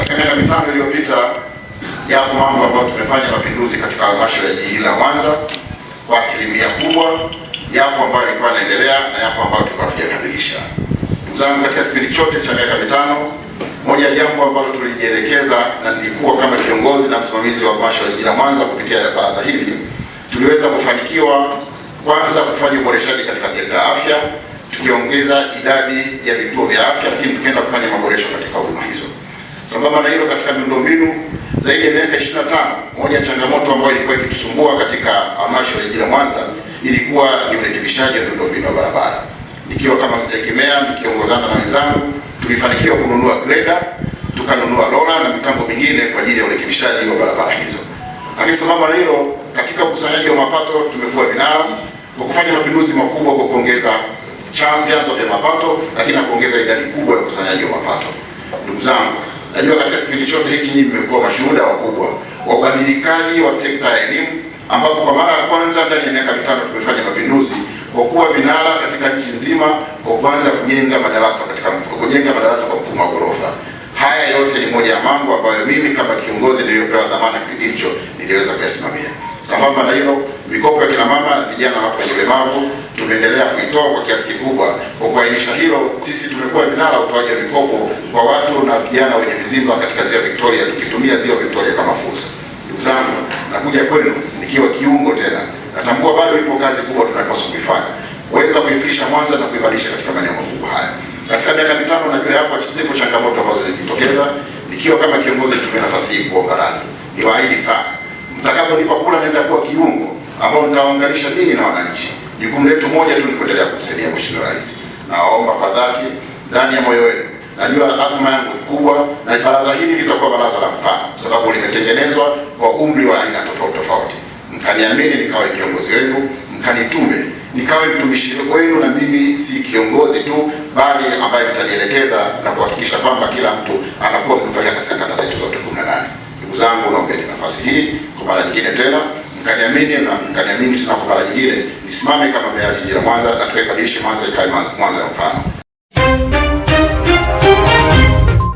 katika miaka mitano iliyopita, yapo mambo ambayo tumefanya mapinduzi katika halmashauri ya jiji la Mwanza kwa asilimia kubwa, yapo ambayo yalikuwa yanaendelea na yapo ambayo tulikuwa hatujakamilisha. Ndugu zangu, katika kipindi chote cha miaka mitano, moja ya jambo ambalo tulijielekeza na nilikuwa kama kiongozi na msimamizi wa halmashauri ya jiji la Mwanza kupitia baraza hili, tuliweza kufanikiwa kwanza kufanya uboreshaji katika sekta ya afya, tukiongeza idadi ya vituo vya afya, lakini tukaenda kufanya Sambamba na hilo, katika miundombinu zaidi ya miaka 25, moja ya changamoto ambayo ilikuwa ikitusumbua katika halmashauri ya jiji la Mwanza ilikuwa ni urekebishaji wa miundombinu ya barabara. Nikiwa kama sitegemea, nikiongozana na wenzangu, tulifanikiwa kununua greda, tukanunua lola na mitambo mingine kwa ajili ya urekebishaji wa barabara hizo. Lakini sambamba na hilo, katika ukusanyaji wa mapato tumekuwa vinara kwa kufanya mapinduzi makubwa kwa kuongeza vyanzo vya mapato, lakini na kuongeza idadi kubwa ya ukusanyaji wa mapato. Ndugu zangu Najua katika kipindi chote hiki nyinyi mmekuwa mashuhuda wakubwa wa ubadilikaji wa sekta ya elimu, ambapo kwa mara ya kwanza ndani ya miaka mitano tumefanya mapinduzi kwa kuwa vinara katika nchi nzima kwa kuanza kujenga madarasa katika kujenga madarasa kwa mfumo wa ghorofa. Haya yote ni moja ya mambo ambayo mimi kama kiongozi niliyopewa dhamana kipindi hicho niliweza kuyasimamia. Sambamba na hilo, mikopo ya kina mama na vijana watu wenye ulemavu tumeendelea kuitoa kwa kiasi kikubwa. Kwa kuainisha hilo, sisi tumekuwa vinara utoaji wa mikopo kwa watu na vijana wenye mizimba katika ziwa Victoria, tukitumia ziwa Victoria kama fursa. Ndugu zangu, nakuja kwenu nikiwa kiungo tena, natambua bado ipo kazi kubwa tunapaswa kuifanya, kuweza kuifikisha Mwanza na kuibadilisha katika maeneo makubwa haya katika miaka mitano. Najua yapo zipo changamoto ambazo zinajitokeza. Nikiwa kama kiongozi, tume nafasi hii kuomba radhi, niwaahidi sana, mtakaponipa kura naenda kuwa kiungo ambao nitawaunganisha nini na wananchi. Jukumu letu moja tu ni kuendelea kumsaidia Mheshimiwa Rais. Nawaomba kwa dhati, ndani ya moyo wenu, najua adhima yangu ni kubwa, na baraza hili litakuwa baraza la mfano, sababu limetengenezwa kwa umri wa aina tofauti tofauti. Mkaniamini nikawe kiongozi wenu, mkanitume nikawe mtumishi wenu, na mimi si kiongozi tu, bali ambaye mtanielekeza na kuhakikisha kwamba kila mtu anakuwa mnufaika katika kata zetu zote 18. Ndugu zangu, naombeni nafasi hii kwa mara nyingine tena mkaniamini na mkaniamini tena kwa mara nyingine, nisimame kama Meya Jiji la Mwanza na turekebishe Mwanza ikae Mwanza mfano.